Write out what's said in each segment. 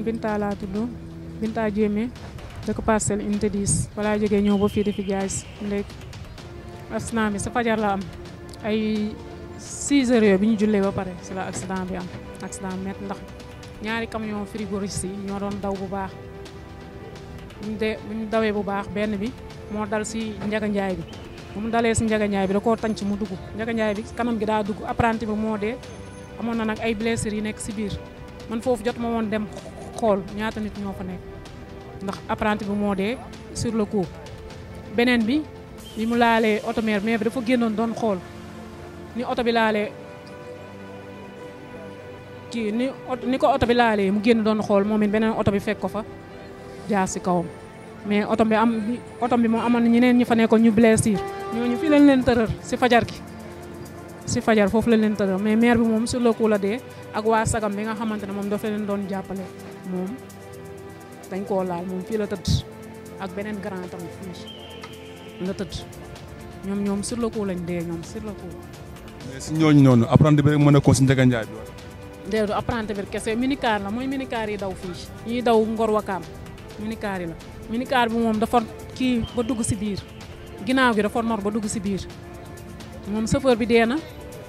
man Binta laa tudd Binta Jéeme dëkk parcelle unité dis balaa jógee ñëw ba fii di fi accident bi sa fajar la am ay 6 heures yooyu bi ñu jullee ba pare si la accident bi am accident métti ndax ñaari camion frigoriste yi ñoo doon daw bu baax buñ de buñ dawee bu baax benn bi moo dal si Njaga Njaay bi bu mu dalee si Njaga Njaay bi da koo tànc mu dugg Njaga Njaay bi kanam gi daa dugg apprenti bi moo dee amoon na nag ay blessures yi nekk si biir man foofu jot ma woon xool ñaata nit ñoo fa nekk ndax apprenti bi moo dee sur le coup beneen bi bi mu laalee oto meer mais bi dafa génnoon doon xool ni oto bi laalee kii ni ni ko oto bi laalee mu génn doon xool moom it oto bi fekk ko fa jaar si kawam mais oto bi am oto bi moo amoon ñeneen ñi fa nekkoon ñu blessé ñooñu fii lañ leen tërër si fajar gi si fajar foofu lañ leen tërër mais maire bi moom sur le coup la dee ak waa sagam bi nga xamante ne moom dafa leen doon jàppale moom dañ koo laal moom fii la tëdd ak beneen grand tam fii la tëdd ñoom ñoom sur le coup lañ dee ñoom sur le coup. mais si ñooñu noonu apprenti bi rek mën a ko si Ndiaga Ndiaye bi wala. déedéet apprenti bi kese minicar la mooy minicar yi daw fii ñuy daw ngorwakaam mu Wakaam minicar yi la kaar bi moom dafa kii ba dugg si biir ginnaaw bi dafa nor ba dugg si biir moom chauffeur bi dee na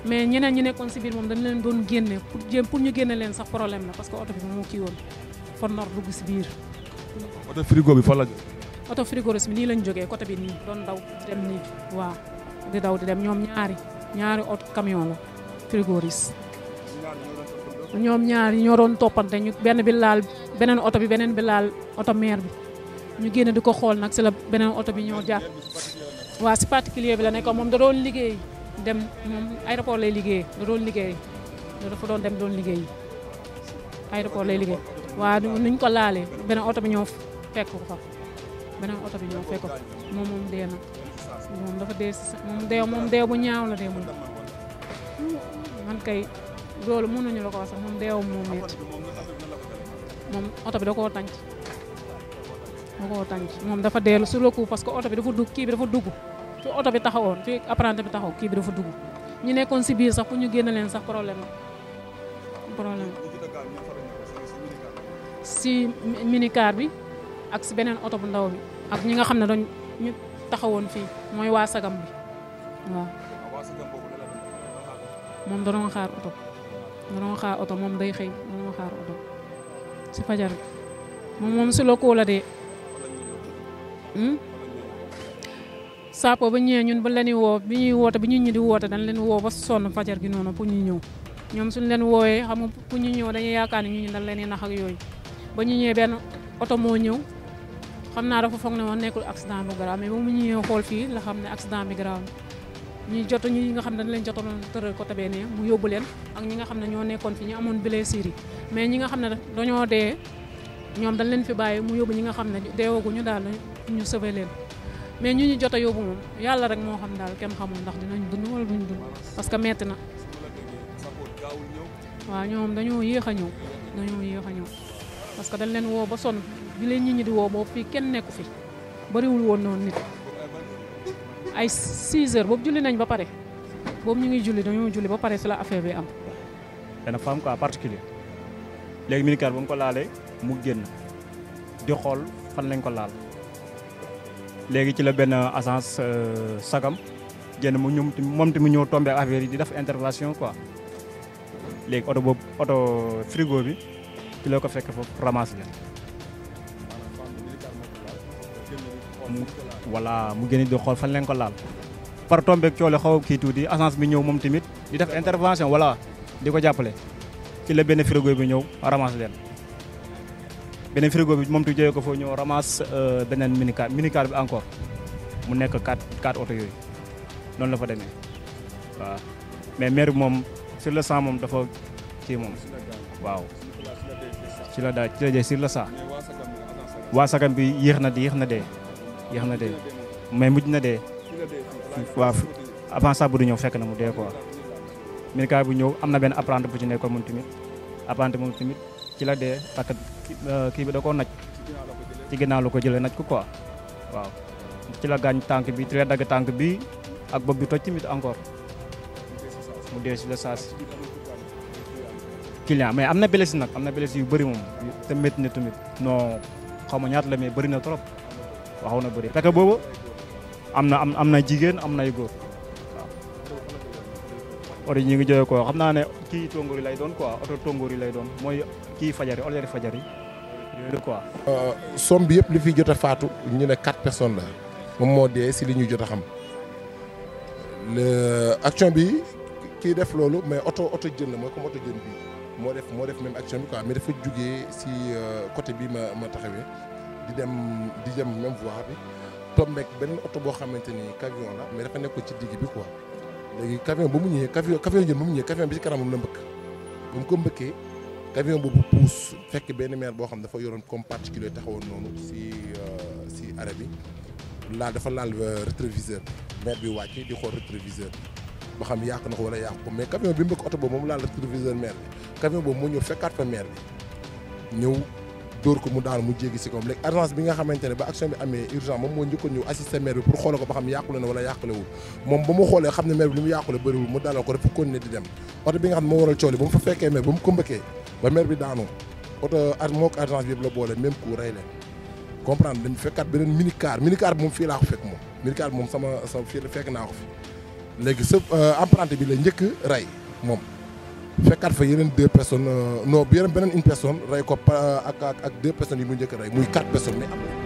mais ñeneen ñi nekkoon si biir moom dañ leen doon génne pour jéem pour ñu leen sax problème la parce que oto woon. fa nar dugg si biir. oto frigo bi fa la. oto frigo bi nii côté bi nii doon daw di dem nii waaw di daw di dem ñoom ñaari ñaari oto camion la ñoo doon toppante ñu benn bi laal beneen oto bi beneen bi laal oto meer bi ñu génn di ko xool nag si la beneen oto bi ñoo jàpp waa si particulier bi la nekkoon moom da doon liggéey dem moom aéroport lay liggéey da doon liggéey da dafa doon dem doon liggéey aéroport lay liggéey waa nuñ ko laalee beneen oto bi ñoo fekk ko fa beneen oto bi ñoo fekk ko moom moom dee na moom dafa dee si moom dee moom dee bu ñaaw la dee moom man kay loolu mënuñu la ko sax moom deewam moom métti moom oto bi da koo tànc da koo tànc moom dafa deelu sur le coup parce que oto bi dafa dugg kii bi dafa dugg fi oto bi taxawoon fi apprenti bi taxaw kii bi dafa dugg ñu nekkoon si biir sax pour ñu génn leen sax problème problème si mini car bi ak si benen auto bu ndaw bi ak ñi nga xamne ne dañ ñu taxawon fi moy wa sagam bi wa sagam bobu moom. moom danoon xaar oto danoon xaar auto mom day xey danoon xaar auto si fajar mom moom moom si lokkoo la dee. Hmm? saapo ba ñe ñun ba leen wo bi ñuy woote bi ñun ñi di woote dañ leen wo ba sonn fajar gi nonu pour ñu ñew ñom suñu leen woyé xam nga pour ñu ñew dañuy yaakaani ne ñu dañ leen nax ak yooyu. ba ñu ñëwee benn oto moo ñëw xam naa dafa foog ne woon nekkul accident bu grave mais moom mu ñëwee xool fii la xam ne accident bi grave ñi jot ñi nga xam ne dañ leen jotoon tëral côté bee ne mu yóbbu leen ak ñi nga xam ne ñoo nekkoon fi ñu amoon blessure yi mais ñi nga xam ne dañoo dee ñoom dañ leen fi bàyyi mu yóbbu ñi nga xam ne deewaguñu daal ñu sauvé leen mais ñu ñu jot a yàlla rek moo xam daal kenn xamul ndax dinañ dund wala duñ dund parce que metti na waaw ñoom dañoo yéex a ñëw dañoo yéex a ñëw parce que dañ leen woo ba son bi leen nit ñi di woo boobu fii kenn nekku fi bariwul woon noonu nit ay 6 heures boobu julli nañ ba pare boobu ñu ngi julli dañu julli ba pare cela affaire bi am. benn femme quoi particulier léegi militaire ba mu ko laalee mu génn di xool fan lañ ko laal léegi ci la benn agence euh, sagam génn mu ñum moom tamit ñëw tombé affaire yi di def intervention quoi léegi oto boobu oto frigo bi ci kafe ko fekk foofu ramasse leen voilà mu génn di xool fan leen ko laal par tombeeg coole xaw agence bi di def intervention wala di ko jàppale ci la benn frigo bi ñëw ramasse leen beneen frigo bi moom tu jëlee ko foo ñëw ramasse eh, beneen minicar minicar bi encore mu nekk quatre quatre oto yooyu noonu la fa mais maire sur le sang dafa waaw ci la da ci la dee sur le saa waa sakan bi yéex na de yéex na dee mais mujj na dee waaw avant ça bu du ñëw fekk na mu dee quoi ka bu ñëw amna ben apprendre bu ci ko mu timit apprendre mu timit ci la dee tak euh, ki bi da ko naj ci ginnaaw ko jëlee naj ko quoi wa ci la gañ tank bi ci la dagg bi ak bopp bi toj timit encore mu dee ci la saasi client mais am na blessé nag am na blessé yu bëri moom te métti na tamit noo xaw ma ñaata la mais bëri na trop waxaw na bëri parce que boobu am na am na jigéen am nay góor waaw. oto ñu ngi jógee ko xam naa ne kii tóngoor yi lay doon quoi oto tóngoor yi lay doon mooy kii fajari oto fajari yooyu quoi. Euh, somme bi yëpp li fi jot a faatu ñu ne quatre personne la moom moo dee si li ñu jot a xam le action bi. kii def loolu mais oto oto jën la mooy comme oto jën bii moo def moo def même action bi quoi mais dafa jugee si euh, côté bi ma ma taxawee di dem di dem même voir bi tombé benn oto boo xamante ni camion la mais dafa nekkoon ci digg bi quoi léegi camion ba mu ñëwee camion camion jën ba mu ñëwee camion bi ci kanamam la mbëkk ba mu ko mbëkkee camion boobu puus fekk benn maire boo xam dafa yoroon comme particulier taxawoon noonu si euh, si arrêt bi laal dafa laal euh, rétroviseur maire bi wàcc di xool rétroviseur ba xam yàq na ko wala yàq ko mais camion bi mu ko oto boobu moom laal la rétroviseur maire bi camion boobu moo ñëw fekkaat fa maire bi ñëw dóor ko mu daanu mu jéggi si koom léegi agence xamante ne ba action bi amee urgent moom moo njëkkoon ko mu xoolee mu yàqule bëriwul moo waral cool yi ba mu fa fekkee maire ba mu ko mbëkkee ba maire bi daanu oto ak moo ko agence bi yëpp la boole même coup rey leen comprendre fekkaat beneen minicar minicar bi moom fii laa ko fekk moom minicar bi moom sama fekk naa ko fi léegi sa apprenti euh, bi lay njëkk rey moom fekkaat fa yeneen deux personnes euh, non yeneen beneen une personne rey ko euh, ak ak deux personnes yi mu njëkk rey muy quatre personnes mais